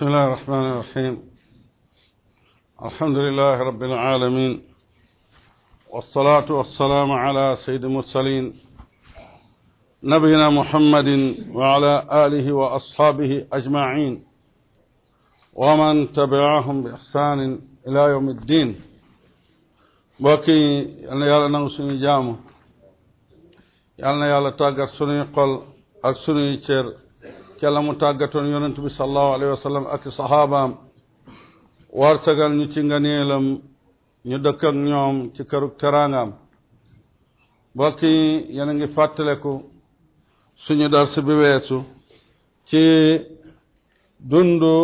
بسم الله الرحمن الرحيم الحمد لله رب العالمين والصلاة والسلام على سيد المرسلين نبينا محمد وعلى آله وأصحابه أجمعين ومن تبعهم بإحسان إلى يوم الدين bokki yal na yàlla nangu suñu jaamu yal na yàlla tàggat suñuy xol ak suñuy cër ca la mu tàggatoon yonent bi sallallahu alayhi wa sallam ak saxaabaam warsagal ñu ci nganeelam ñu dëkk ak ñoom ci këru teraangaam mbokk yi yéen a ngi fàttaleku suñu dars bi weesu ci dundu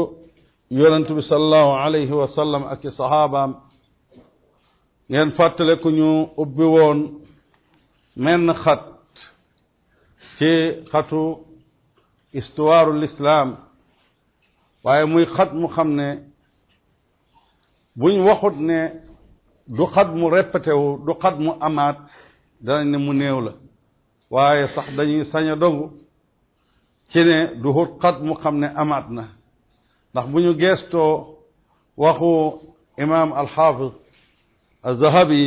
yonent bi sallallahu alayhi wa sallam ak saxaabaam ngeen fàttaleku ñu ubbi woon menn xat ci xatu istuwaarul lislaam waaye muy xat mu xam ne buñ waxut ne du xat mu répété wu du xat mu amaat danañ ne mu néew la waaye sax dañuy saña a dogu ci ne du xut xat mu xam ne amaat na ndax mu ñu geestoo waxu imaam alxaafis alzahabi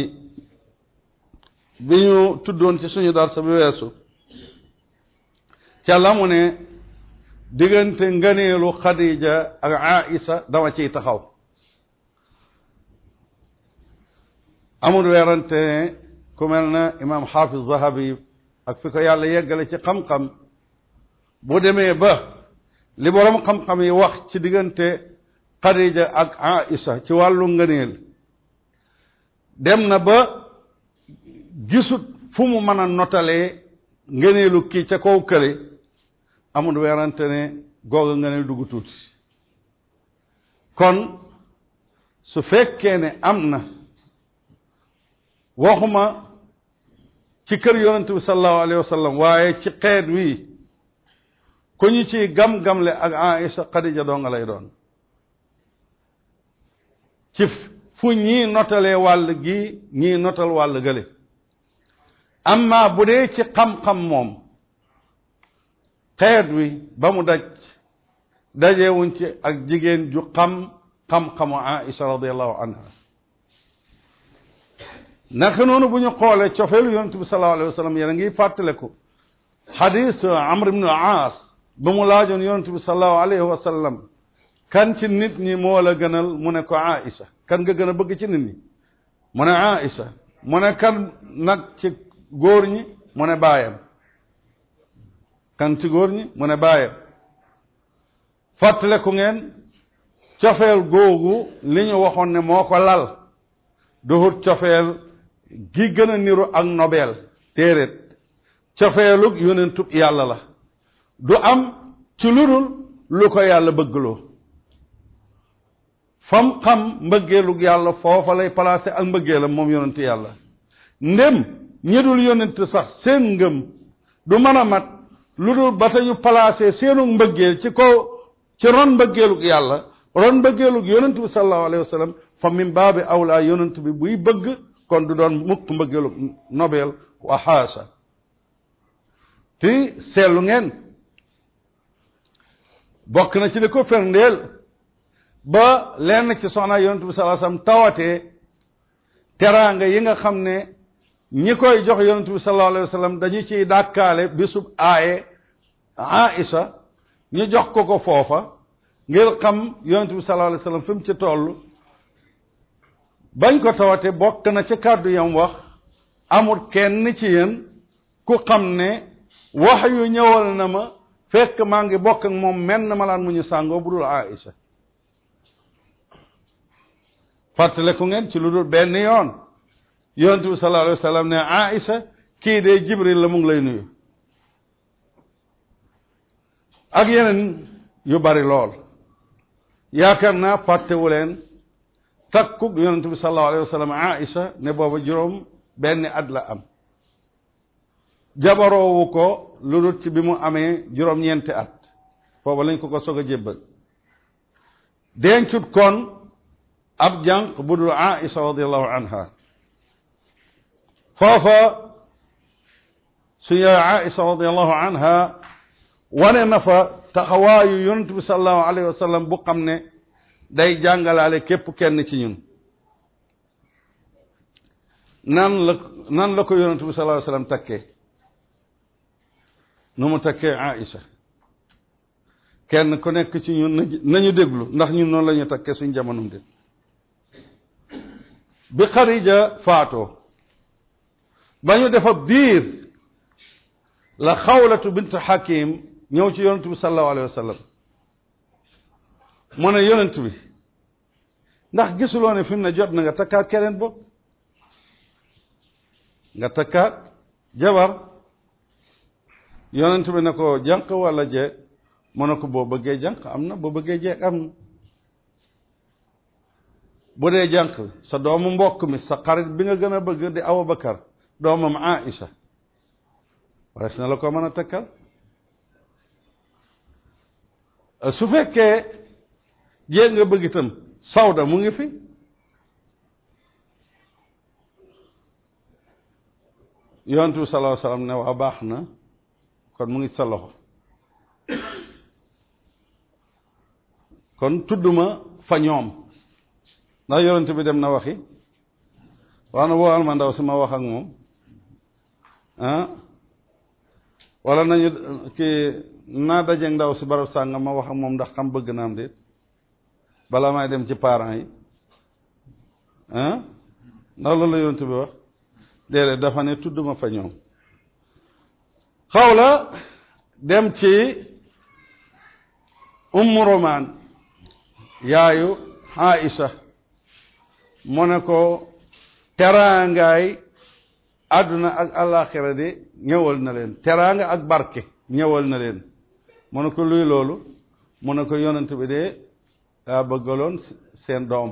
bi ñu tuddoon ci suñu dar sa bi weesu ca la mu ne diggante ngëneelu Khadija ak Aïsa dama ciy taxaw amul weerante ne ku mel na imaam xaafis zahabi ak fi ko yàlla yeggale ci xam-xam bu demee ba li borom xam-xam yi wax ci diggante Khadija ak Aïsa ci wàllu ngëneel dem na ba gisut fu mu mën a notalee ngëneelu kii ca kaw kële amul werante ne googa nga ne dugg tuuti kon su fekkee ne am na waxuma ci kër yonente bi salallahu alayhi wa waaye ci xeet wii ku ñu ciy gam-gamle ak Aïcha Xadija doo nga lay doon ci fu ñii notalee wàll gii ñii notal wàll gële amma bu dee ci xam-xam moom xeet wi ba mu daj dajewuñ ci ak jigéen ju xam xam-xamu aisha radiallahu anha naka noonu bu ñu xoolee cofeelu yonente bi sallallahu alayhi wa sallam yéen a ngi fàttaleku xadis amr ibnu aas ba mu laajoon yonente bi sallallahu alayhi wa kan ci nit ñi moo la gënal mu ne ko aisha kan ga gën a bëgg ci nit ñi mu ne aisha mu ne kan nag ci góor ñi mu ne baayam kan ci góor ñi mu ne bàyyam fàttaleku ngeen cofeel googu li ñu waxoon ne moo ko lal duhut cofeel gi gën a niru ak nobel téeréet cofeelug yonentub yàlla la du am ci ludul lu ko yàlla bëggloo fam xam mbëggeelug yàlla foofa lay placé ak mbëggeelam moom yonent yàlla ndem ñi dul yonent sax seen ngëm du mën a mat lu dul ba te ñu placé seenu mbëggeel ci kaw ci ron mbëggeelug yàlla ron mbëggeelug yonent bi sallallahu alayhi fa min baabi awlaa yonent buy bëgg kon du doon mukk mbëggeelug nobel wa xaasa ti seetlu ngeen bokk na ci li ko ferndeel ba lenn ci soxnaa yonent bi sallallahu alayhi tawatee teraanga yi nga xam ne ñi koy jox yonent bi sallallahu alayhi dañu ciy dàkkaale bisub aaye Aïcha ñu jox ko ko foofa ngir xam yonent bi sallallahu alayhi wasallam fi mu ci toll bañ ko tawate bokk na ci kàddu yam wax amul kenn ci yéen ku xam ne wax yu ñëwal na ma fekk maa ngi bokk ak moom menn malaan mu ñu sàngoo bu dul Aïcha fàttaleku ngeen ci lu dul benn yoon yonent bi sallallahu alayhi wasallam ne Aïcha kii de Jibril la mu ngi lay nuyu ak yeneen yu bari lool yaakaar naa fàttewu leen takkub yonent bi sallallahu alayhi wa sallam Aïcha ne booba juróom benn at la am jabaroowu ko lu dul ci bi mu amee juróom-ñeenti at fooba lañ ko ko sog a jébbal dencut kon ab jànq bu dul Aïcha radiallahu anha foofa su yaay Aïcha radiallahu anha wane na fa taxawaayu yonent bi sallallahu alayhi wa bu xam ne day jàngalaale képp kenn ci ñun nan la nan la ko yonent bi sallallahu alayhi takkee nu mu takkee Aïcha kenn ku nekk ci ñun nañu déglu ndax ñun noonu la ñu takkee suñ jamonum de bi Xarija faatoo ba ñu defa biir la xawlatu bint Hakim ñëw ci yonent bi sallallahu alayhi wa sallam mu yonent bi ndax gisuloo ne fi mu ne jot na nga takkaat keneen bopp nga takkaat jabar yonent bi ne ko jànq walla jeeg mu ne ko boo bëggee jànq am na boo bëggee jeeg am na bu dee jànq sa doomu mbokk mi sa xarit bi nga gën a bëgg di Abubakar doomam Aïcha warees na la ko mën a takkal Euh, su fekkee jéeg nga bëgg itam sawda mu ngi fi yontu salaa salaam ne waa baax na kon mu ngi sa loxo kon tudduma fa ñoom ndax yonent bi dem na waxi wax na woowal ma si ma wax ak moom ah wala nañu kii naa dajeeg ndaw si barab sàngam ma wax moom ndax xam bëgg naam déet balaa may dem ci parent yi ndax loolu la yontu bi wax déedéet dafa ne tudd ma fa ñoom xaw la dem ci ummu romaan yaayu Aïcha mu ne ko teraangaay àdduna ak àllaaxira de ñëwal na leen teraanga ak barke ñëwal na leen mu ne ko luy loolu mu ne ko yonent bi de daa bëggaloon seen doom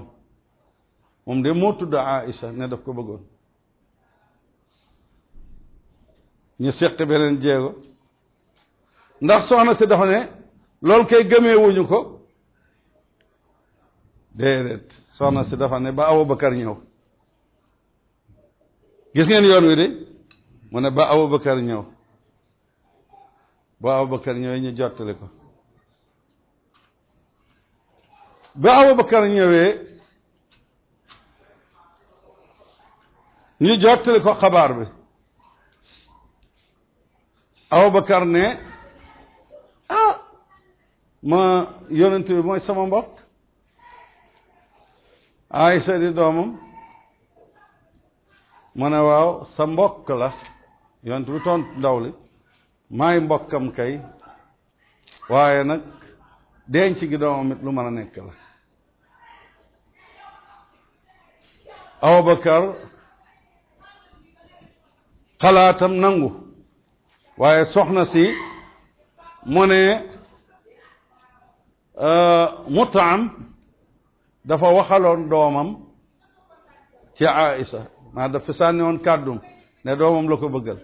moom de moo tudd Aïcha ne daf ko bëggoon ñu seq beneen jéego ndax soxna si dafa ne loolu kay gëmewuñu ko déedéet soxna si dafa ne ba Abubakar ñëw gis ngeen yoon wi de mu ne ba Abubakar ñëw ba Abubakar ñëwee ñu jottali ko ba Abubakar ñëwee ñu jottali ko xabaar bi Abubakar ne ah ma yonent bi mooy sama mbokk Aysa di doomam mu ne waaw sa mbokk la yonent bi tontu ndaw li maay mbokkam kay waaye nag denc gi doomam it lu mën a nekk la Abubakar xalaatam nangu waaye soxna si mu ne euh, Mutaam dafa waxaloon doomam ci Aïsa maanaam daf fi sànni woon kàddum ne doomam la ko bëggal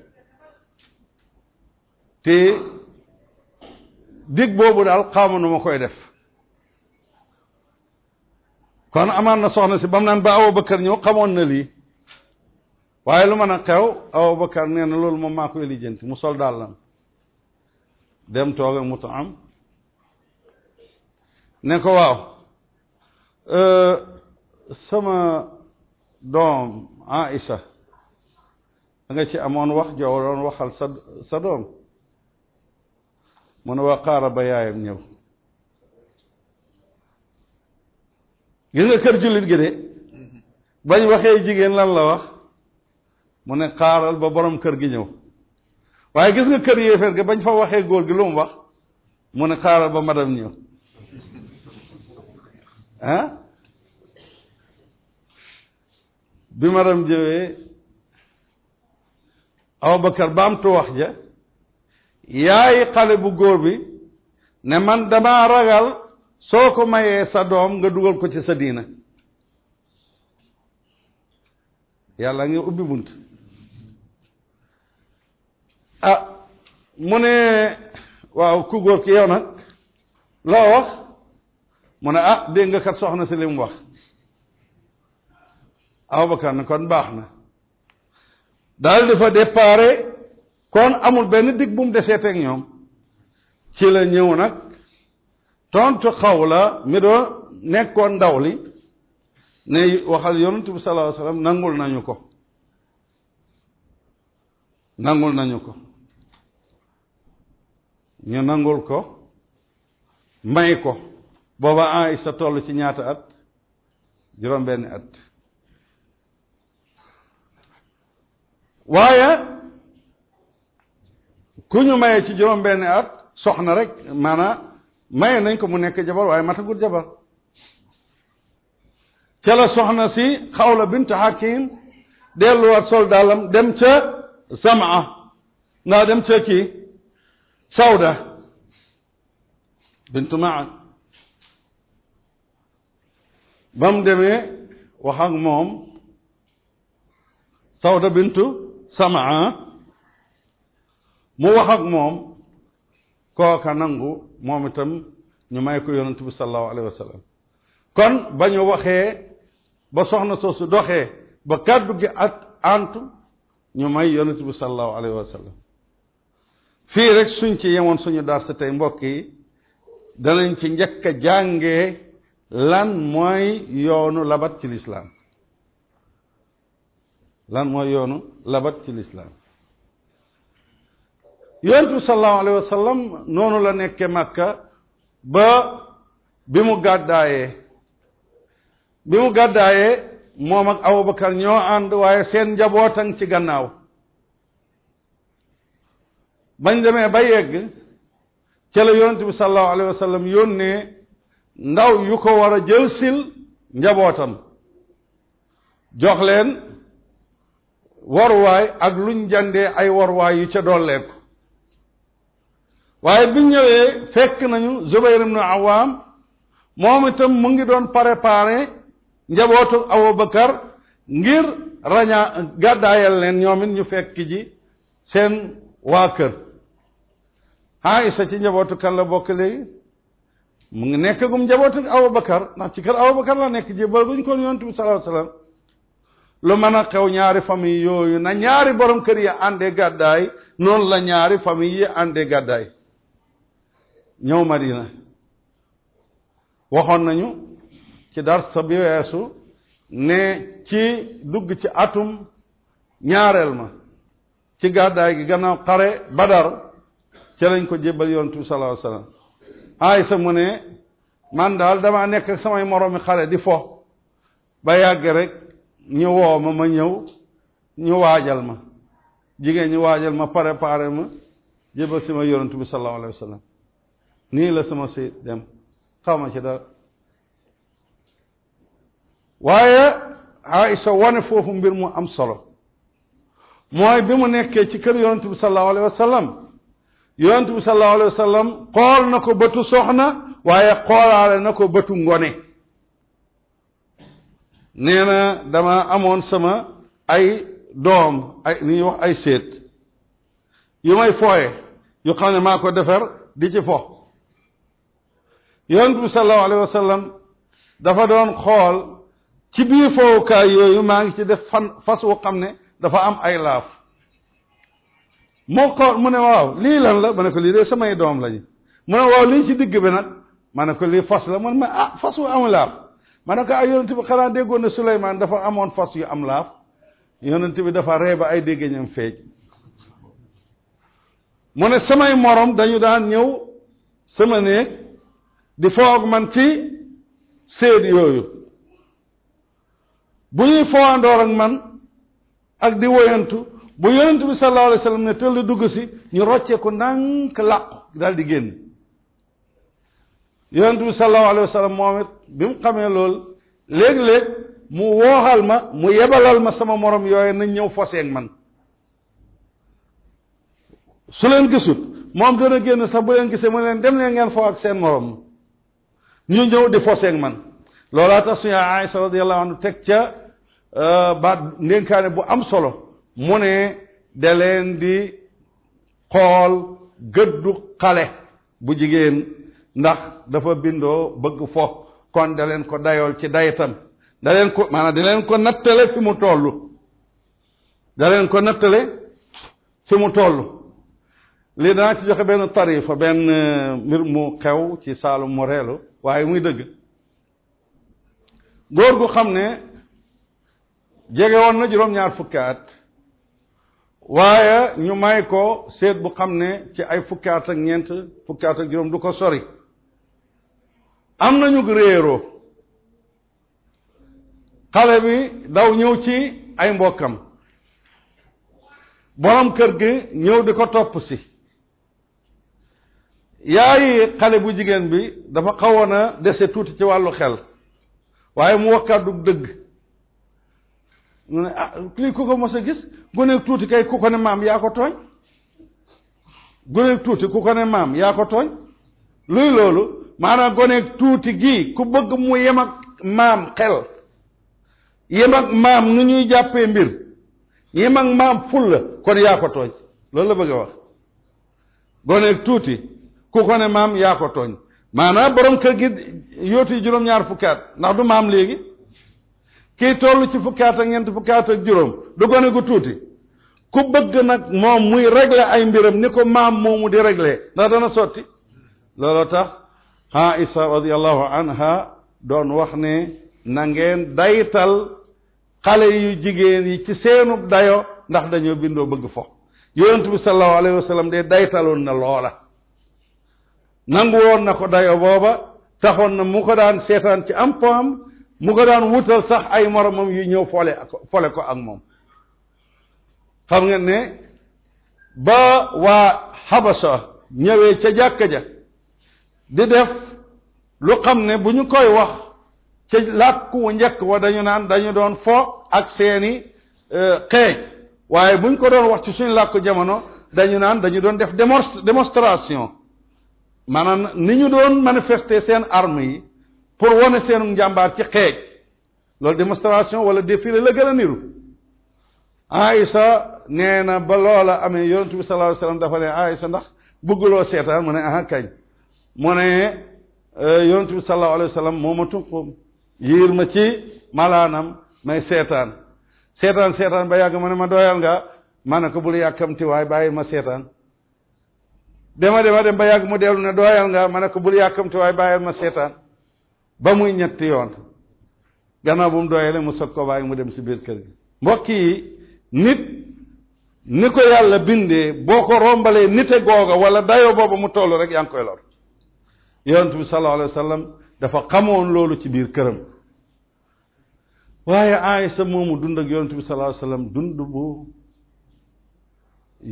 te dig boobu daal xaw ma nu ma koy def kon amaan na soxna si bam naan ba Abubakar ñëw xamoon na lii waaye lu mën a xew Abubakar nee na loolu moom maa koy mu sol dàllam dem toog ak mutu am ne ko waaw euh, sama doom Aïcha da nga ci amoon wax joo doon waxal sa sa doom mu ne waa xaara ba yaayam ñëw gis nga kër jullit gi de bañ waxee jigéen lan la wax mu ne xaaral ba boroom kër gi ñëw waaye gis nga kër yéeféer gi bañ fa waxee góor gi lu mu wax mu ne xaaral ba madam ñëw ah bi maram jëwee Abubakar ba am tu wax ja yaay xale bu góor bi ne man damaa ragal soo ko mayee sa doom nga dugal ko ci sa diina yàlla ngi ubbi bunt ah mu ne waaw ku góor ki yow nag loo wax mu ne ah dégg nga kat soxna si wax Abubakar ne kon baax na daal di fa déparé kon amul benn dig bu mu deseete ak ñoom ci la ñëw nag tontu Xawla mi doo nekkoon ndaw li ne waxal yonent bi sallallahu alayhi nangul nañu ko nangul nañu ko ñu nangul ko may ko booba sa toll ci ñaata at juróom benn at waaye ku ñu maye ci juróom benn at soxna rek maanaam maye nañ ko mu nekk jabar waaye matagul jabar ca soxna si xawla bint hakim delluwaat sol daalam dem ca samaa naa dem ca kii sawda bintu maan ba mu demee moom sawda bintu samaa mu wax ak moom kooka nangu moom itam ñu may ko yonent bi sallallahu alayhi wa kon ba ñu waxee ba soxna soosu doxee ba kàddu gi ak antu ñu may yonent bi sallallahu alayhi wa fii rek suñ ci yemoon suñu darsa tey mbokk yi danañ ci njëkk a jàngee lan mooy yoonu labat ci lislaam lan mooy yoonu labat ci lislaam yonent bi sallallahu alayhi wa noonu la nekke makka ba bi mu gàddaayee bi mu gàddaayee moom ak Abubakar ñoo ànd waaye seen njabootan ci gannaaw bañ demee ba yegg ca la yonent bi sallallahu alayhi wa yónnee ndaw yu ko war a jëlsil njabootam jox waruwaay ak luñ jandee ay waruwaay yu ca dolleeku waaye bi ñëwee fekk nañu Zubayr ibnu Awaam moom itam mu ngi doon préparé njabootu Abubakar ngir rañaa gàddaayal leen ñoom it ñu fekk ji seen waa kër Aïsa ci njabootu kan la bokk léegi mu ngi nekk gum njabootu Abubakar ndax ci kër Abubakar la nekk jébbal guñ kon yonent bi sallallahu lu mën a xew ñaari famille yooyu na ñaari borom kër yi ànde gàddaay noonu la ñaari famille yi ànde gàddaay ñëw Madina waxoon nañu ci dar sa bi weesu ne ci dugg ci atum ñaareel ma ci gàddaay gi gannaaw xare Badar ca lañ ko jébbal yoon bi sallallahu alayhi mu ne man daal damaa nekk samay moroomi xare di fo ba yàgg rek ñu woo ma ma ñëw ñu waajal ma jigéen ñu waajal ma préparé ma jébal si ma yonent bi sallallahu alayhi wa nii la sama si dem xaw ma ci dara waaye Aïcha wane foofu mbir mu am solo mooy bi mu nekkee ci kër yonent bi sallallahu alayhi wa sallam bi sallallahu alayhi wa xool na ko bëtu soxna waaye xoolaale na ko bëtu ngone nee na dama amoon sama ay doom ay ni ñuy wax ay séet yu may fooye yu xam ne maa ko defar di ci fo yonent bi sallallahu alayhi dafa doon xool ci biir foowukaay yooyu maa ngi ci def fan fas wu xam ne dafa am ay laaf moo xool mu ne waaw lii lan la ma ne ko lii de samay doom lañu mu ne waaw lii ci digg bi nag ma ko lii fas la man ma ah fas wu am laaf ma ne ko ay ah, yonent bi xanaa déggoon na dafa amoon fas yu am laaf yonent bi dafa ree ba ay déggeñam feej mu ne samay morom dañu daan ñëw sama néeg di foog man ci séet yooyu bu ñuy foowandoor ak man ak di woyantu bu yonent bi sallallahu alayhi wa ne tëll dugg si ñu rocce ko ndànk làqu daal di génn yonent bi sallallahu alayhi wa moom it bi mu xamee lool léeg-léeg mu wooxal ma mu yebalal ma sama moroom yooyu nañ ñëw foseeg man su leen gisut moom dana génn sax bu leen gisee mu leen dem leen ngeen foo ak seen morom ñu ñëw di foseeg man loolaa tax suñu Aïsa radiyallahu anhu teg ca euh, baat ndénkaane bu am solo mu ne da leen di xool gëddu xale bu jigéen ndax dafa bindoo bëgg fo kon da leen ko dayool ci dayitam da leen ko maanaam da leen ko nattale fi mu toll da leen ko nattale fi mu toll lii danaa ci joxe benn tarifa benn euh, mbir mu xew ci saalum mu reelu waaye muy dëgg góor gu xam ne jegewoon na juróom-ñaar fukki at waaye ñu may ko seet bu xam ne ci ay fukki at ak ñeent fukki at ak juróom du ko sori am na ñu réeroo xale bi daw ñëw ci ay mbokkam borom kër gi ñëw di ko topp si yaayi xale bu jigéen bi dafa xawoon a dese tuuti ci wàllu xel waaye mu wax kàddu dëgg mu ne ah lii ku ko ma a gis guneeg tuuti kay ku ko ne maam yaa ko tooñ guneeg tuuti ku ko ne maam yaa ko tooñ luy loolu maanaam goneeg tuuti gii ku bëgg mu yem ak maam xel yem maam nu ñuy jàppee mbir yem ak maam ful kon yaa ko tooñ loolu la bëgg wax goneeg tuuti ku ko ne maam yaa ko tooñ maanaam borom kër gi yóotu juróom-ñaar fukki ndax du maam léegi kii toll ci fukki at ak ñeent fukki ak juróom du gone gu tuuti ku bëgg nag moom muy régler ay mbiram ni ko maam moomu di régler ndax dana sotti looloo tax Aïsa radiallahu anha doon wax ne na ngeen daytal xale yu jigéen yi ci seenub dayo ndax dañoo bindoo bëgg fo yonent bi sallallahu alayhi wa de daytaloon na loola nangu woon na ko dayo booba taxoon na mu ko daan seetaan ci am poam mu ko daan wutal sax ay moromam yu ñëw fole fole ko ak moom xam nga ne ba waa xabasa ñëwee ca jàkka ja di def lu xam ne bu ñu koy wax ca làkku njëkk wa dañu naan dañu doon fo ak seeni e, xeej waaye buñ ko doon wax ci suñu làkku jamono dañu naan dañu doon def démonstration maanaam ni ñu doon manifester seen arme yi pour wane seenu njàmbaar ci xeej loolu démonstration wala défilé la gën a niru Aïsa nee na ba loola amee yonent bi sallallahu alayhi dafa ne Aïsa ndax bugguloo seetaan mu ne aha kañ mu ne e, yonent bi sallallahu alayhi wa sallam moo ma yiir ma ci malaanam may seetaan seetaan seetaan ba yàgg ma ne ma doyal nga ma ne ko bul yàkkamti waaye bàyyi ma seetaan dema dema dem ba yàgg mu dellu ne doyal nga ma ne ko bul yàkkamti waaye bàyyil ma seetaan ba muy ñetti yoon gannaaw bu mu doyalee mu sog ko bàyyi mu dem si biir kër gi mbokk yi nit ni ko yàlla bindee boo ko rombalee nite googa wala dayoo boobu mu toll rek yaa ngi koy lor yonent bi sallallahu alayhi wa dafa xamoon loolu ci biir këram waaye sa moomu dund ak yonent bi sallallahu alayhi wa sallam dund bu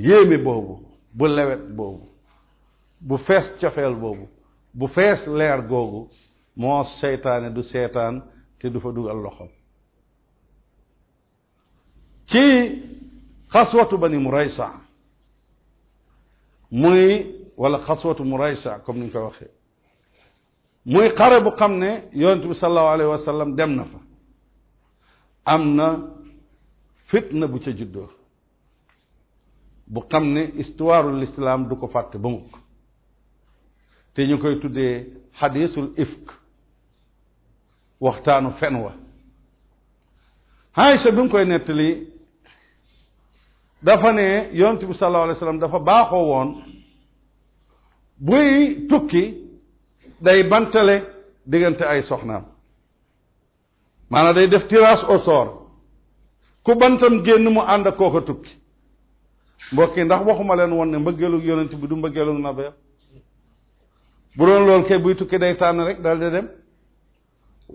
yéeme boobu bu lewet boobu bu fees cofeel boobu bu fees leer googu moo seytaane du seetaan te du fa dugal loxoom ci xaswatu bani muraysa muy wala xaswatu muraysa comme ni ñu ko waxee muy xare bu xam ne yonent bi sallallahu alayhi sallam dem na fa am na fitna bu ca juddoo bu xam ne histoire lislaam du ko fàtte ba mukk te ñu koy tuddee xadisul ifk waxtaanu fen wa Aïcha bi mu koy nettali dafa ne yonent bi sallallahu alayhi dafa baaxoo woon buy tukki day bantale diggante ay soxnaam maanaa day def tirage au ku bantam génn mu ànd ak kooka tukki mbokk yi ndax waxuma leen won ne mbëggeelu yonent bi du mbëggeelu nabeer bu doon loolu kay buy tukki day tànn rek daal di dem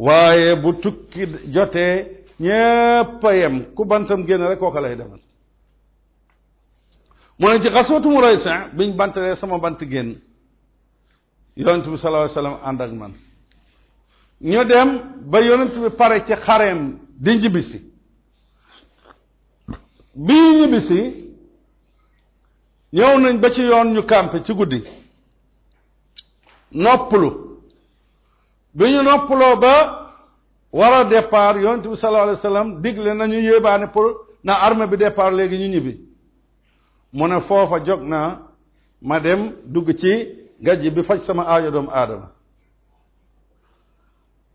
waaye bu tukki jotee ñépp a yem ku bantam génn rek kooka lay demal mu ne ci xasootu mu roy biñ bantalee sama bant génn yonent bi sallallahu alayhi wasallam ànd ak man ñu dem ba yonent bi pare ci xareem di ñibbisi bii ñibbisi ñëw nañ ba ci yoon ñu campé ci guddi noppalu bi ñu noppaloo ba war a départ yonent bi sallallahu alayhi wasallam digle nañu yéebaane pour na armée bi départ léegi ñu ñibbi mu ne foofa jog naa ma dem dugg ci nga ji bi faj sama aajo doomu aadama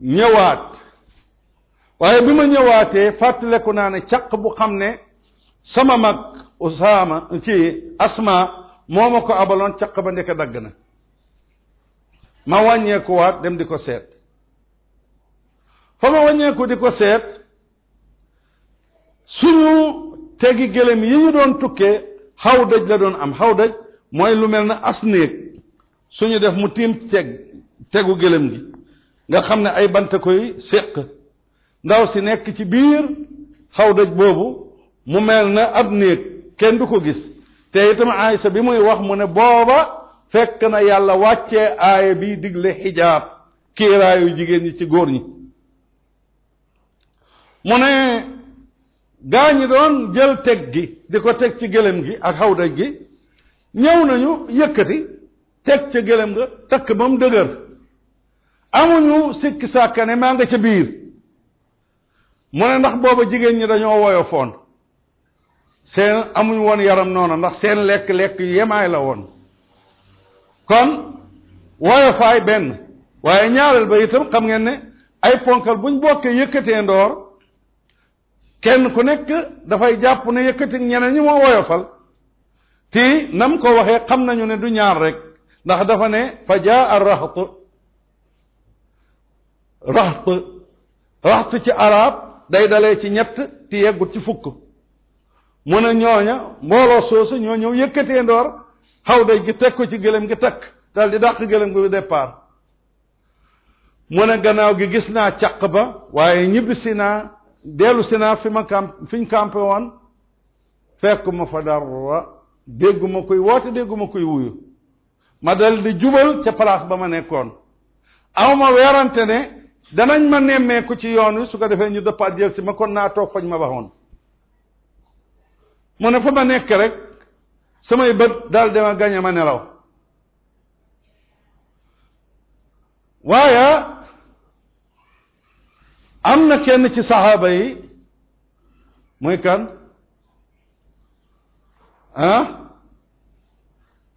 ñëwaat waaye bi ma ñëwaatee fàttaleku naa ne caq bu xam ne sama mag Usaama ci Asma moo ma ko abaloon caq ba ndeke dagg na ma wàññeekuwaat dem di ko seet fa ma wàññeeku di ko seet suñu tegi gëlëm yi ñu doon tukkee xaw dëj la doon am xaw daj mooy lu mel na as néeg suñu def mu tiim teg tegu gëlëm gi nga xam ne ay bant koy séq ndaw si nekk ci biir xaw daj boobu mu mel na ab néeg kenn du ko gis te itam Aysa bi muy wax mu ne booba fekk na yàlla wàcce aaya bi digle xijaab kiiraayu jigéen ñi ci góor ñi mu ne gaa ñi doon jël teg gi di ko teg ci gëlëm gi ak xawdaj gi ñëw nañu yëkkati teg ca gëlëm nga takk ba mu dëgër amuñu sikki sàkka ne maa nga ca biir mu ne ndax booba jigéen ñi dañoo woyofoon seen amuñ woon yaram noonu ndax seen lekk-lekk yemaay la woon kon woyofaay benn waaye ñaareel ba itam xam ngeen ne ay ponkal buñ bokkee yëkkatee ndoor kenn ku nekk dafay jàpp ne yëkkati ñeneen ñi moo woyofal ti nam ko waxee xam nañu ne du ñaar rek ndax dafa ne fa jaa a raxt raxt raxt ci arab day dalee ci ñett ti yeggut ci fukk mu ne ñooña mbooloo soosu ñoo ñëw yëkkatee ndoor xaw day gi teg ko ci gëlëm gi takk dal di dàq gëlëm gi départ mu ne gannaaw gi gis naa caq ba waaye ñibbisi naa dellu si naa fi ma camp fi ñu campé woon fekk ma fa dara dégguma kuy woote dégguma kuy wuyu ma dal di jubal ca palaas ba ma nekkoon aw ma weerante ne danañ ma nemmeeku ci yoon wi su ko defee ñu dëppaat jël si ma kon naa toog fañ ma waxoon mu ne fa ma nekk rek samay bët daal dama gañe ma nelaw waaye am na kenn ci saxaaba yi muy kan ah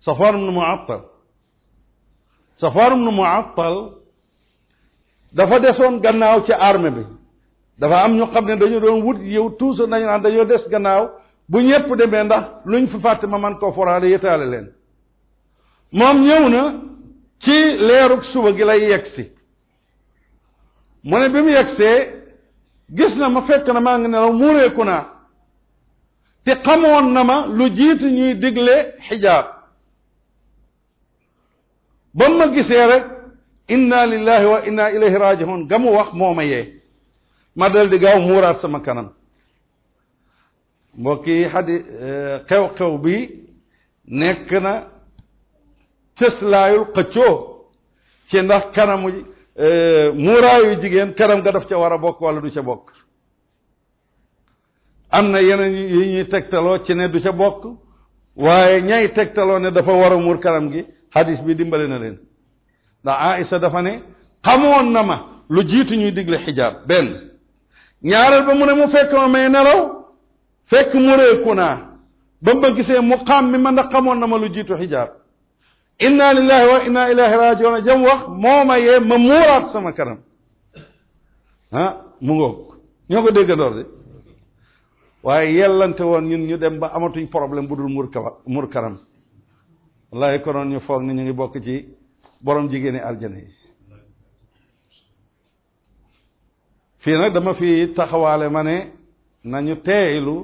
Safwaan ibnu Muattal nu ibnu Muattal dafa desoon gannaaw ci arme bi dafa am ñu xam ne dañu doon wut yow toujours nañu naan dañoo des gannaaw bu ñëpp demee ndax luñ fi fàtte ma man koo foraale yëtaale leen moom ñëw na ci leerug suba gi lay yegsi mu ne bi mu yegsee gis na ma fekk na maa ngi nelaw muureeku naa te xamoon na ma lu jiitu ñuy digle xijaab ba ma gisee rek inna lillahi wa inna ilayhi rajiun ga mu wax moo ma yee ma dal di gaaw muuraat sama kanam mbokk yi xadi eh, xew-xew bi nekk na cëslaayul xëccoo ci ndax kanamu eh, muuraayu jigéen kanam ga daf ca war a bokk walla du ca bokk am na yeneen yi ñuy tegtaloo ci ne du ca bokk waaye ñay tegtaloo ne dafa war a muur kanam gi xadis bi dimbale na leen ndax Aïsa dafa ne xamoon na ma lu jiitu ñuy digle xijaab benn ñaareel ba mu ne mu fekk ma may nelaw fekk mu réeku naa ba ma gisee mu xam mi ma ndax xamoon na ma lu jiitu xijaab inna lillahi wa inna ilahi rajiuna jam wax moo ma yee ma muuraat sama kanam ah mu ngoog ñoo ko déggandoor de waaye yellante woon ñun ñu dem ba amatuñ problème bu dul mur kawa mur kanam wallaay konoon ñu foog ni ñu ngi bokk ci boroom jigéeni aljana yi fii nag dama fi taxawaale ma ne nañu teeylu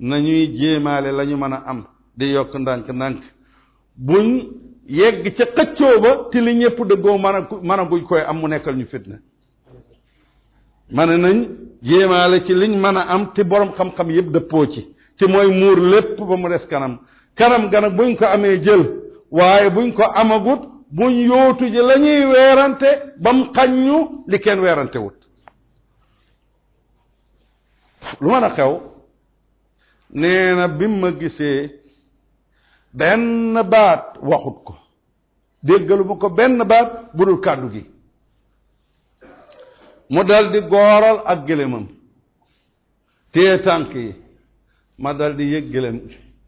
nañuy jéemaale lañu ñu mën a am di yokk ndànk-ndànk buñ yegg ca xëccoo ba te li ñëpp dëggoo mën a mën a guñ koy am mu nekkal ñu fitna ma ne nañ jéemaale ci liñ mën a am te boroom xam-xam yëpp dëppoo ci te mooy muur lépp ba mu des kanam kanam gan ak buñ ko amee jël waaye buñ ko amagut buñ yootu ji la ñuy weerante bam xaññu li kenn weerante wut lu mën a xew nee bi ma gisee benn baat waxut ko déggaluma ko benn baat budul kàddu gi mu daldi di gooral ak gëlémam téye tànk yi ma daldi di yëg gëlém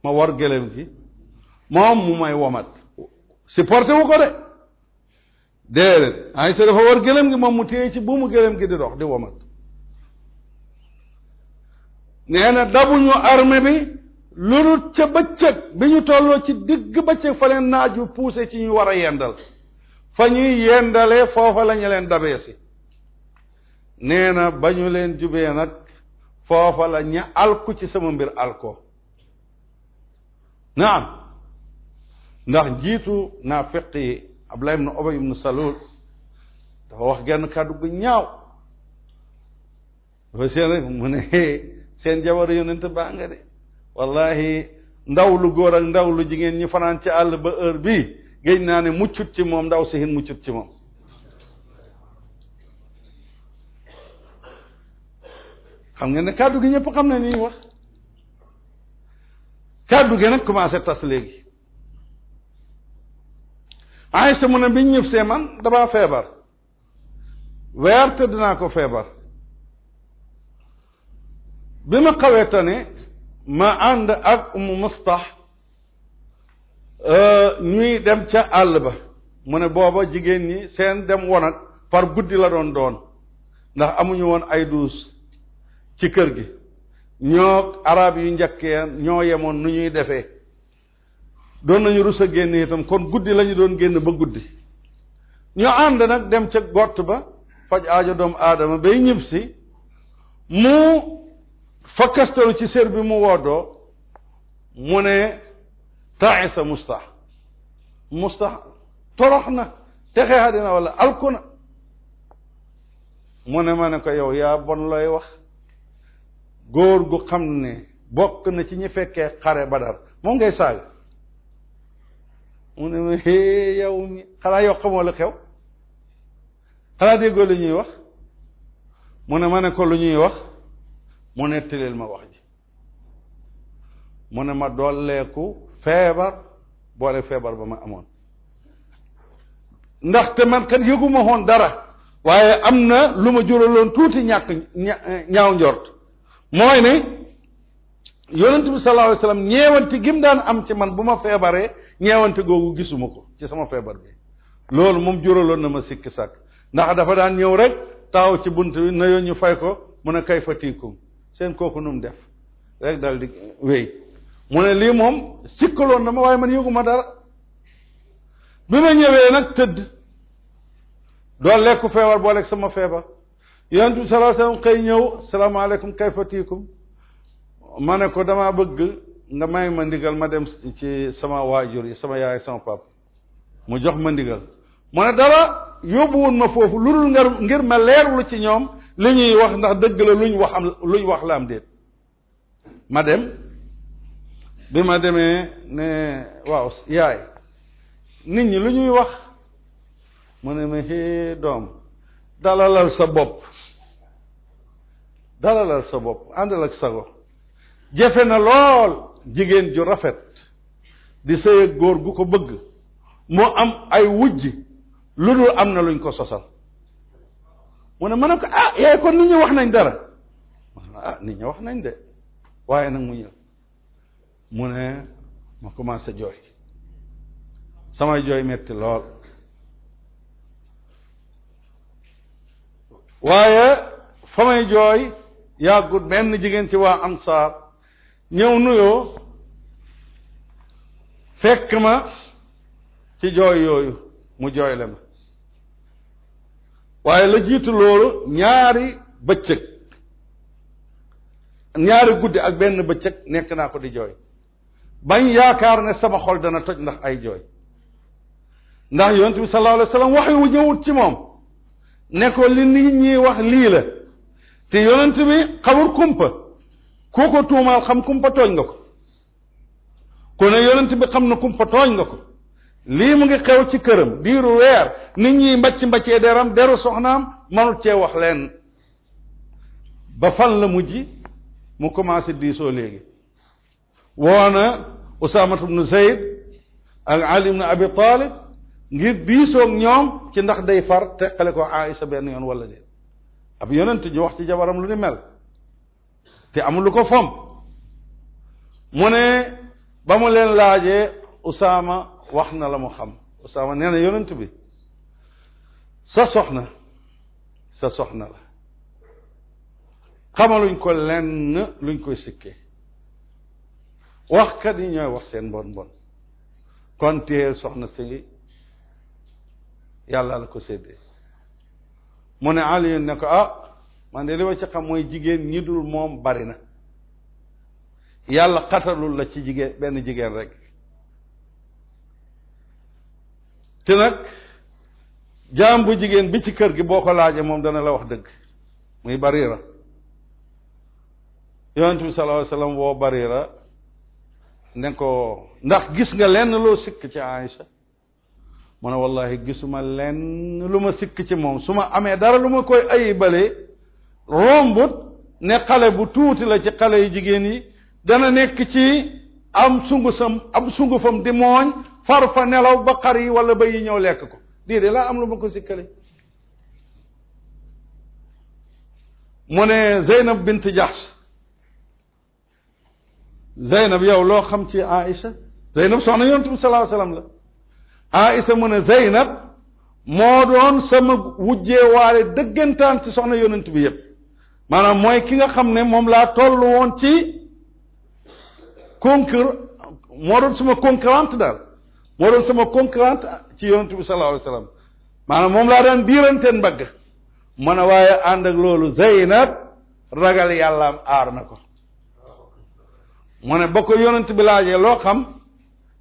ma war gëlém gi moom mu may womat supporté wu ko de déedéet Aysa dafa war gëlëm gi moom mu téye ci buumu gëlëm gi di dox di womat nee na dabuñu armée bi lu dul ca bëccëg bi ñu tolloo ci digg bëccëg fa leen naaj wi poussé ci ñu war a yendal fa ñuy yendalee foofa la leen dabee si nee na ba ñu leen jubee nag foofa la ña alku ci sama mbir alko naam ndax njiitu naafiq yi Abdullah ibnu Ubay ibnu Salul dafa wax genn kàddu gu ñaaw dafa seen rek mu ne seen jabar yonent baa nga de wallahi ndaw lu góor ak ndaw lu jigéen ñi fanaan ci àll ba heure bi géej naa ne muccut ci moom ndaw si hin muccut ci moom xam ngeen ne kàddu gi ñëpp xam ne nii wax kàddu gi nag commencé tas léegi Aysa mu ne biñ ñëf see man dama feebar weer tëdd ko feebar bi ma xawee tane ma ànd ak umu mustax euh, ñuy dem ca àll ba mu ne booba jigéen ñi seen dem wanag par guddi la doon doon ndax amuñu woon ay duus ci kër gi ñoo arab yu njëkkee ñoo yemoon nu ñuy defee doon nañu rus a génn itam kon guddi lañu doon génn ba guddi ñu ànd nag dem ca gott ba faj aajo doomu aadama bay ñib si mu fakkastalu ci sér bi mu woddoo mu ne taisa mustax mustax torox na texee àddina wala alku na mu ne ma ne ko yow yaa bon looy wax góor gu xam ne bokk na ci ñi fekkee xare badar moom ngay saaga mu ne ma hee yow mi xanaa yow la xew xanaa déggoo lu ñuy wax mu ne ma ne ko lu ñuy wax mu nettaleel ma wax ji mu ne ma dolleeku feebar boole feebar ba ma amoon ndaxte man kan yëguma woon dara waaye am na lu ma juraloon tuuti ñàkk ñaaw njort mooy ne yonent bi sallallahu alayhi wasallam ñeewanti gim daan am ci man bu ma feebaree ñeewante googu gisuma ko ci sama feebar bi loolu moom juraloon na ma sikki sàkk ndax dafa daan ñëw rek taaw ci bunt bi na ñu fay ko mu ne kay fatiikum seen kooku nu mu def rek daal di wéy mu ne lii moom sikkaloon na ma waaye man yëguma dara bi ma ñëwee nag këdd doo lekku feebar boo lekk sama feebar yonent bi salaa sallam xëy ñëw salaamaaleykum kay fatiikum ma ne ko damaa bëgg nga may ma ndigal ma dem ci sama waajur yi sama yaay sama pap mu jox ma ndigal mu ne dara yóbbuwoon ma foofu lu dul ngir ngir ma leerlu ci ñoom li ñuy wax ndax dëgg la luñ wax am luñ wax la am déet ma dem bi ma demee ne waaw yaay nit ñi lu ñuy wax mu ne ma xii doom dalalal sa bopp dalalal sa bopp àndal ak sago jafe na lool jigéen ju rafet di sëy góor gu ko bëgg mu am ay wujj lu dul am na luñ ko sosal mu ne ma na ko ah yaay kon nit ñi wax nañ dara ma ne ah nit ñi wax nañ de waaye nag mu ñëw mu ne ma commencé jooy samay jooy metti lool waaye fa may jooy yàggut benn jigéen ci waa am Ansaar ñëw nuyoo fekk ma ci jooy yooyu mu jooyle ma waaye la jiitu loolu ñaari bëccëg ñaari guddi ak benn bëccëg nekk naa ko di jooy bañ yaakaar ne sama xol dana toj ndax ay jooy ndax yonent bi sallallahu alayhi wax wu ñëwut ci moom ne li nit ñi wax lii la te yonent bi xamul kumpa kooko tuumaal xam kumpa tooñ nga ko kon ne yonent bi xam na kumpa tooñ nga ko lii mu ngi xew ci këram diiru weer nit ñi mbacc mbaccee deram deru soxnaam manut cee wax leen ba fan la mujj mu commencé diisoo léegi woona Usaamatu ibnu Zayd ak Ali ibnu Abi Talib ngir diisoog ñoom ci ndax day far teqale ko Aïsa benn yoon wala déet ab yonent ñu wax ci jabaram lu ni mel te amul lu ko fom mu ne ba mu leen laajee Usaama wax na la mu xam Usaama nee na yonent bi sa soxna sa soxna la xamaluñ ko lenn luñ koy sikkee waxkat yi ñooy wax seen bon bon kon téyeel soxna si yàlla la ko séddee mu ne Aliyu ne ko ah man de li ma ci xam mooy jigéen ñi dul moom bari na yàlla xatalul la ci jigéen benn jigéen rek te nag jaam bu jigéen bi ci kër gi boo ko laajee moom dana la wax dëgg muy barira yonent bi sallallahu alayhi wasallam woo barira ne ko ndax gis nga lenn loo sikk ci Aïcha mu ne wallahi gisuma lenn lu ma sikk ci moom su ma amee dara lu ma koy ayibalee rombut ne xale bu tuuti la ci xale yu jigéen yi dana nekk ci am sungusam am sungufam di mooñ far fa nelaw ba xar yi wala ba yi ñëw lekk ko lii de laa am lu ma ko sikkale mu ne Zeynab bint Jahsh Zeynab yow loo xam ci Aïcha Zeynab soxna yonent bi sallallahu la Aïcha mu ne Zeynab moo doon sama waale dëggantaan ci soxna yonent bi yépp maanaam mooy ki nga xam ne moom laa toll woon ci concur moo doon sama concurrente daal moo sama concurrente ci yonent bi sallallahu alayhi wa moom laa daan biiranteen mbagg mën a waaye ànd ak loolu Zeynab ragal yàllaam aar na ko mu ne ba ko yonent loo xam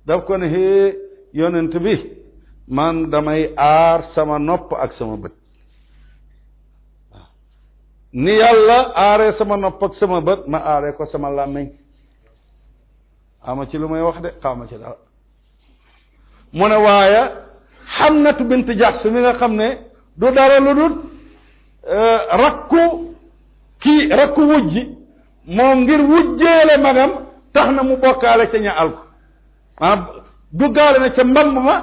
daf ko ne hee bi man damay aar sama nopp ak sama bët ni yàlla aaree sama nopp ak sama bët ma aaree ko sama làmmiñ ama ci lu may wax de xaama ci dara mu ne waaye Xamnatu bint Jaxs mi nga xam ne du dara lu dul e, rakku kii rakku wujji moom ngir wujjeele magam tax na mu bokkaale ca ña alko duggaale na ca mbamb ma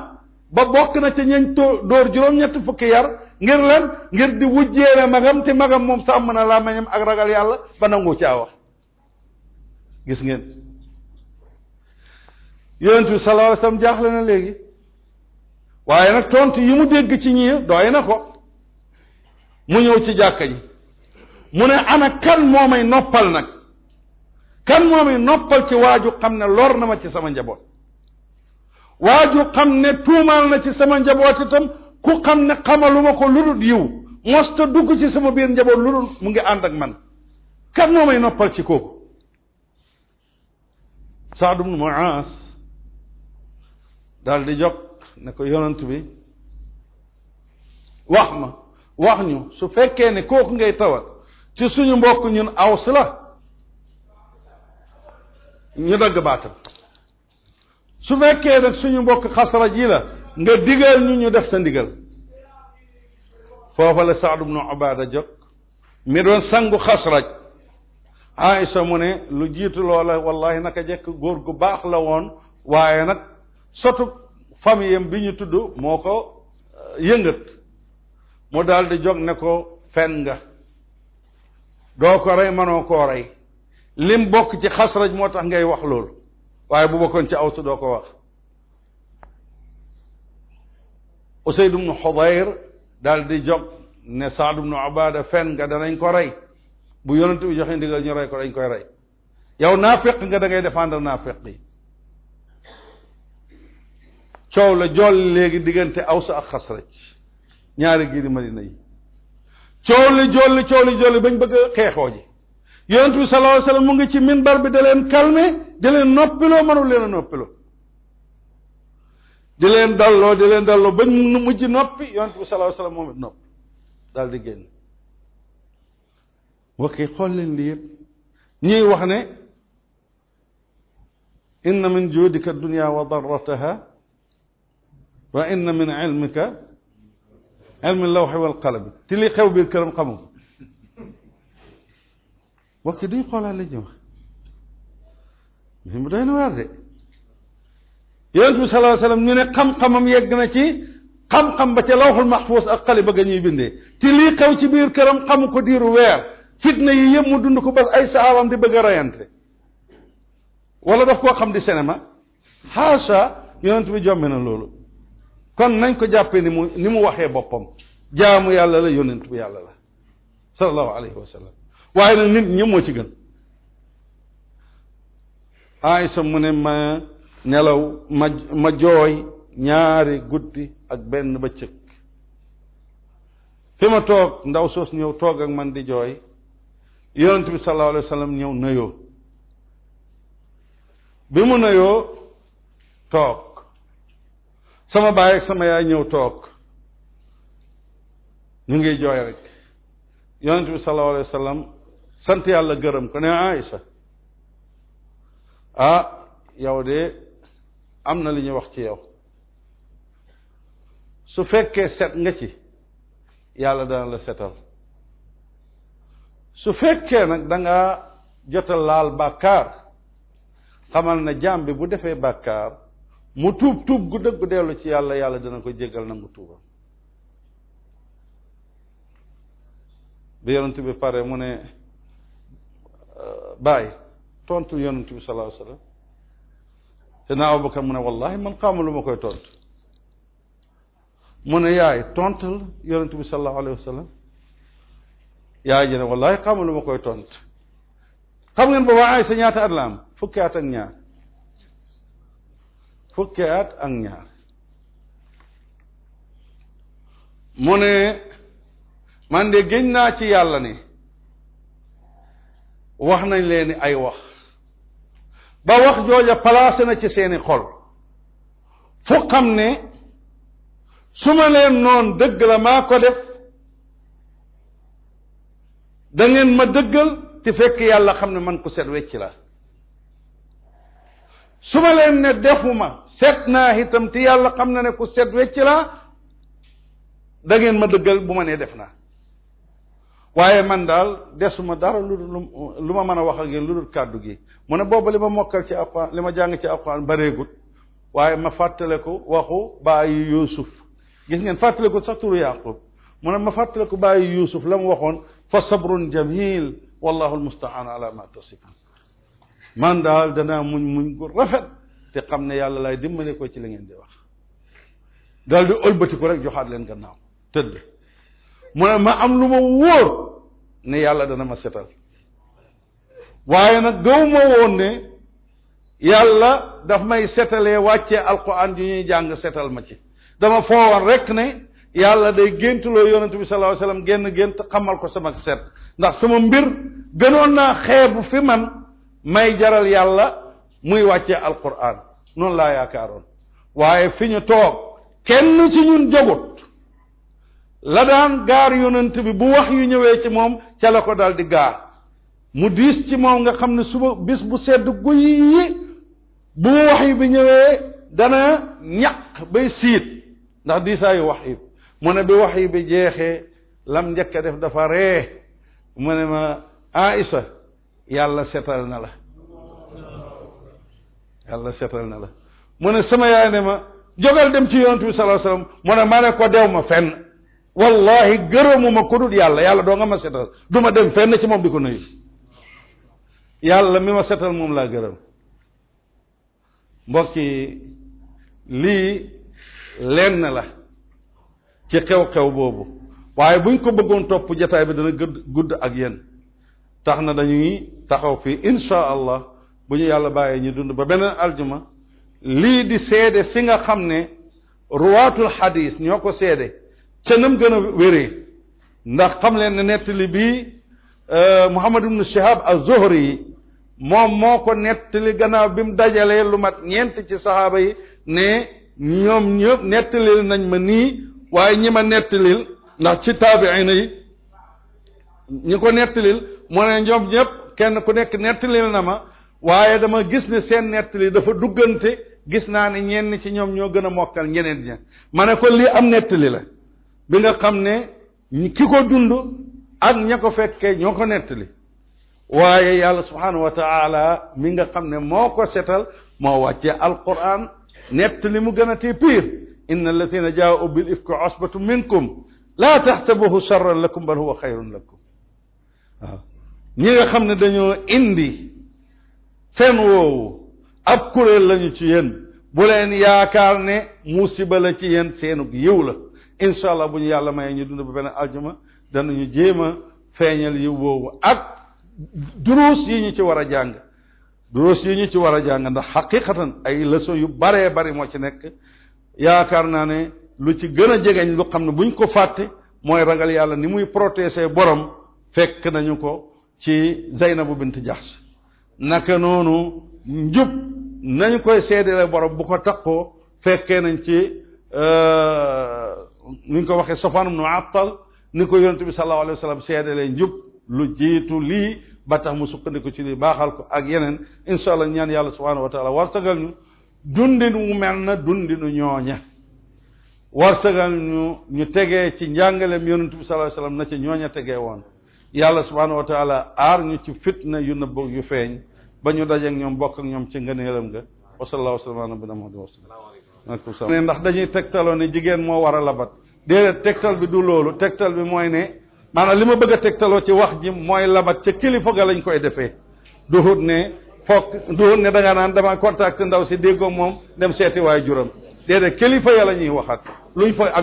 ba bokk na ca ñañ tóor dóor juróom-ñett fukki yar ngir lan ngir di wujjeere magam te magam moom sàmm na làmmiñam ak ragal yàlla ba nangu caa wax gis ngeen yonent bi sallallahu jaaxle na léegi waaye nag tontu yi mu dégg ci ñii doy na ko mu ñëw ci jàkka ji mu ne ana kan moo may noppal nag kan moo may noppal ci waa waaju xam ne lor na ma ci sama njaboot waaju xam ne tuumaal na ci sama njaboot itam ku xam ne xamaluma ko lu dul yiw mosta dugg ci sama biir njaboot lu dul mu ngi ànd ak man kan moo may noppal ci kooku Saad ibnu Muaas daal di jog ne ko yonant bi wax ma wax ñu su fekkee ne kooku ngay tawat ci suñu mbokk ñun aws la ñu dagg baatam su fekkee nag suñu mbokk xasara ji la nga digal ñu ñu def sa ndigal foofa la Saad bnu Ubaada jot mi doon sangu xasraj Aïsa mu ne lu jiitu loola wallahi naka jekk góor gu baax la woon waaye nag sotu famiyam bi ñu tudd moo ko euh, yëngët mu daldi jog jóg ne ko fen nga doo ko rey manoo koo rey lim bokk ci xasraj moo tax ngay wax loolu waaye bu bokkoon ci awsu doo ko wax Usayd ibnu Xudayr daal di jóg ne Saad ibnu Ubaada fen nga danañ ko rey bu yonent bi di nga ñu rey ko dañ koy rey yow naafiq nga dangay ngay défendre naafiq yi coow la jool léegi diggante Awsa ak Xasraj ñaari gii di Madina yi coow li jool li coow li jool li bañ bëgg a xeexoo ji yonent bi sallallahu alayhi wa sallam mu ngi ci minbar bi da leen calmer da leen noppiloo mënul leen a noppiloo di leen dalloo di leen dalloo ba nu mujj noppi yonent bi sallallahu alayhi wasallam moom it noppi daal di génn mbokk yi xool leen lii yëpp ñuy wax ne inna min juudika dunya wa darrataha wa inna min ilmika ilmi lawxi wal qalami te li xew biir këram xamum mbokk yi duñ xoolaat la ñuy wax mu doy na waar de yonent bi sallallahu alayhi wasallam ñu ne xam-xamam yegg na ci xam-xam ba ca lawxul maxfuus ak xale ba ga ñuy bindee te lii xew ci biir këram xamu ko diiru weer fitna yi yëpp mu dund ko ba ay saxaabam di bëgg a rayante wala daf koo xam di cinéma xaasa yonent bi jombe na loolu kon nañ ko jàppee ni mu ni mu waxee boppam jaamu yàlla la yonent bu yàlla la sallallahu alayhi wa waaye na nit ñi moo ci gën Aysa mu ne ma nelaw ma ma jooy ñaari guddi ak benn bëccëg fi ma toog ndaw soos ñëw toog ak man di jooy yonent bi sallallahu alayhi wa ñëw nuyoo bi mu nuyoo toog sama baay ak sama yaay ñëw toog ñu ngi jooy rek yonent bi sallallahu alayhi wa sant yàlla gërëm ko ne Aïsa ah yow de am na li ñuy wax ci yow su fekkee set nga ci yàlla dana la setal su fekkee nag danga nga jota laal bàkkaar xamal na jaam bi bu defee bàkkaar mu tuub tuub gu dëggu dellu ci yàlla yàlla dana ko jéggal nangu tuubam bi yonent bi pare mu ne bàyyi tontu yonent bi sallallahu alayhi Seydina Abubakar mu ne wallahi man xaama lu ma koy tontu mu ne yaay tontal yonente bi sallallahu alayhi wa yaay ji ne wallahi xaama lu ma koy tontu xam ngeen booba Aysa ñaata at la am fukki at ak ñaar fukki at ak ñaar mu ne man de géñ naa ci yàlla ni wax nañ leen ay wax ba wax jooja placé na ci seeni xol fu xam ne su ma leen noon dëgg la maa ko def da ngeen ma dëggal te fekk yàlla xam ne man ko set wecc la su ma leen ne defuma set naa itam te yàlla xam na ne ku set wecc la da ngeen ma dëggal bu ma nee def naa waaye man daal desuma dara lu lu ma mën a wax ak lu dul kàddu gi mu a booba li ma mokkal ci alquran li ma jàng ci alquran bareegut waaye ma fàttaleku waxu bàyyi yusuf gis ngeen fàttaleku sax turu yaqub mu ne ma fàttaleku bàyyi yusuf la mu waxoon fa sabrun jamil wallahu almustaan ala ma tasifun man daal danaa muñ muñ gu rafet te xam ne yàlla laay dimbale ko ci li ngeen di wax daal di ëlbatiku rek joxaat leen gannaaw tëdd mu ne ma am lu ma wóor ne yàlla dana ma setal waaye nag gëw ma woon ne yàlla daf may setalee wàccee alquran di ñuy jàng setal ma ci dama foowoon rek ne yàlla day géntuloo yonente bi sallallahu alayhi wasallam génn gént xamal ko sama set ndax sama mbir gënoon naa xeebu fi man may jaral yàlla muy wàccee alquran noonu laa yaakaaroon waaye fi ñu toog kenn ci ñun jogut la daan gaar yonent bi bu wax yu ñëwee ci moom ca la ko dal di gaar mu diis ci moom nga xam ne suba bis bu sedd guyi bu wax yu bi ñëwee dana ñaq bay siit ndax diisaayu wax yi mu ne bi wax yi bi jeexee lam njëkk def dafa ree mu ne ma Aïsa yàlla setal na la yàlla setal na la mu ne sama yaay ne ma jógal dem ci yonent bi sallallahu alayhi wasallam mu ne ma ne ko dew ma fenn wallahi gërëmuma ku dul yàlla yàlla doo nga ma setal du ma dem fenn ci moom di ko nuyu yàlla mi ma setal moom laa gërëm mbokk yi lii lenn la ci xew-xew boobu waaye buñ ko bëggoon topp jataay bi dana gudd gudd ak yéen tax na dañuy taxaw fii insha allah bu ñu yàlla bàyyee ñu dund ba beneen aljuma lii di seede si nga xam ne ruwaatul xadiis ñoo ko seede ca nam gën a wéree ndax xam leen ne nettali bii euh, Muhammad ibnu Shihab az-Zuhri yi moom moo ko nettali gannaaw bi mu dajalee lu mat ñeent ci saxaaba yi ne ñoom ñëpp nettalil nañ ma nii waaye ñi ma nettalil ndax ci taabiina yi ñi ko nettalil moo ne ñoom ñëpp kenn ku nekk nettalil na ma waaye dama gis ne seen nettali dafa duggante gis naa ne ñenn ci ñoom ñoo gën a mokkal ñeneen ña ma ko lii am nettali la bi nga xam ne ki ko dund ak ña ko fekkee ñoo ko nettali waaye yàlla subhaanahu wa taala mi nga xam ne moo ko setal moo wàccee alquran nettali mu gën a tee pire inna alladina jaau bil ifki osbatu minkum laa taxtabuhu charran lakum bal huwa xayrun lakum waaw ñi nga xam ne dañoo indi seen woowu ab kuréel lañu ci yéen bu leen yaakaar ne musiba la ci yéen seenug yiw la incha allah bu ñu yàlla mayee ñu dund ba benn aljuma dana ñu jéema feeñal yi woowu ak duruus yi ñu ci war a jàng duruus yi ñu ci war a jàng ndax xaqiqatan ay leçon yu baree bari moo ci nekk yaakaar naa ne lu ci gën a jegeñ lu xam ne buñ ko fàtte mooy ragal yàlla ni muy protéger borom fekk nañu ko ci Zaynabu bint Jahsh naka noonu njub nañu koy seedale borom bu ko takkoo fekkee nañ ci euh, ni ñu ko waxee sofaan mu attal ni ko yonente bi sallallahu alayhi wa sallam seedelee njub lu jiitu lii ba tax mu sukkandiku ci lii baaxal ko ak yeneen incha allah ñaan yàlla subhanahu wa taala warsagal ñu dundinu mu mel na dundinu ñooña warsagal ñu ñu tegee ci njàngaleem yonente bi sallallahu alayhi wa na ci ñooña tegee woon yàlla subhanahu wa taala aar ñu ci fitna yu nëbb yu feeñ ba ñu dajeeg ñoom bokk ak ñoom ci ngëneelam nga wa sallallahu ne ndax dañuy tegtaloo ne jigéen moo war a labat déedéet tegtal bi du loolu tegtal bi mooy ne maanaam li ma bëgg a tegtaloo ci wax ji mooy labat ca kilifa ga lañ koy defee duhut ne foog duhut ne da naan dama contact ndaw si déggoo moom dem seeti waaye juram déedéet kilifa ya la ñuy waxat luñ fa amee